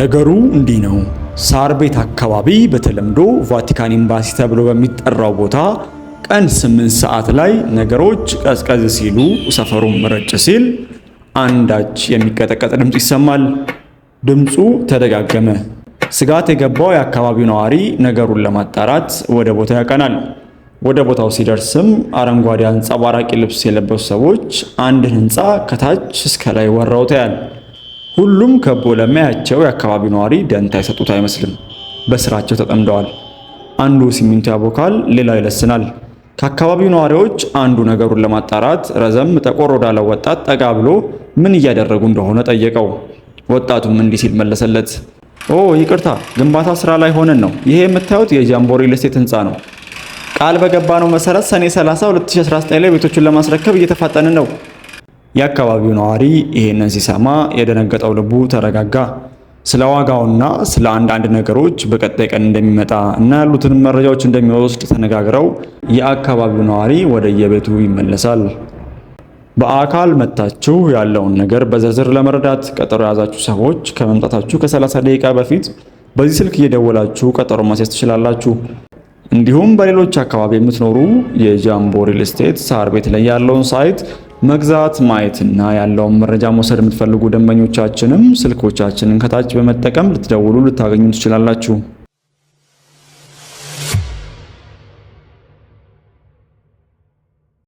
ነገሩ እንዲህ ነው። ሳር ቤት አካባቢ በተለምዶ ቫቲካን ኤምባሲ ተብሎ በሚጠራው ቦታ ቀን ስምንት ሰዓት ላይ ነገሮች ቀዝቀዝ ሲሉ ሰፈሩም ረጭ ሲል አንዳች የሚቀጠቀጥ ድምፅ ይሰማል። ድምፁ ተደጋገመ። ስጋት የገባው የአካባቢው ነዋሪ ነገሩን ለማጣራት ወደ ቦታው ያቀናል። ወደ ቦታው ሲደርስም አረንጓዴ አንጸባራቂ ልብስ የለበሱ ሰዎች አንድን ህንፃ ከታች እስከ ላይ ወረውታል። ሁሉም ከቦ ለማያቸው የአካባቢው ነዋሪ ደንታ የሰጡት አይመስልም። በስራቸው ተጠምደዋል። አንዱ ሲሚንቶ ያቦካል፣ ሌላው ይለስናል። ከአካባቢው ነዋሪዎች አንዱ ነገሩን ለማጣራት ረዘም ጠቆር ወዳለው ወጣት ጠጋ ብሎ ምን እያደረጉ እንደሆነ ጠየቀው። ወጣቱም እንዲህ ሲል መለሰለት። ኦ ይቅርታ፣ ግንባታ ስራ ላይ ሆነን ነው። ይሄ የምታዩት የጃምቦ ሪል ስቴት ህንፃ ነው። ቃል በገባነው መሰረት ሰኔ 30 2019 ላይ ቤቶቹን ለማስረከብ እየተፋጠንን ነው። የአካባቢው ነዋሪ ይህንን ሲሰማ የደነገጠው ልቡ ተረጋጋ። ስለ ዋጋውና ስለ አንዳንድ ነገሮች በቀጣይ ቀን እንደሚመጣ እና ያሉትን መረጃዎች እንደሚወስድ ተነጋግረው የአካባቢው ነዋሪ ወደ የቤቱ ይመለሳል። በአካል መታችሁ ያለውን ነገር በዝርዝር ለመረዳት ቀጠሮ የያዛችሁ ሰዎች ከመምጣታችሁ ከ30 ደቂቃ በፊት በዚህ ስልክ እየደወላችሁ ቀጠሮ ማስያዝ ትችላላችሁ። እንዲሁም በሌሎች አካባቢ የምትኖሩ የጃምቦ ሪል ስቴት ሳር ቤት ላይ ያለውን ሳይት መግዛት ማየትና ያለውን መረጃ መውሰድ የምትፈልጉ ደንበኞቻችንም ስልኮቻችንን ከታች በመጠቀም ልትደውሉ ልታገኙ ትችላላችሁ።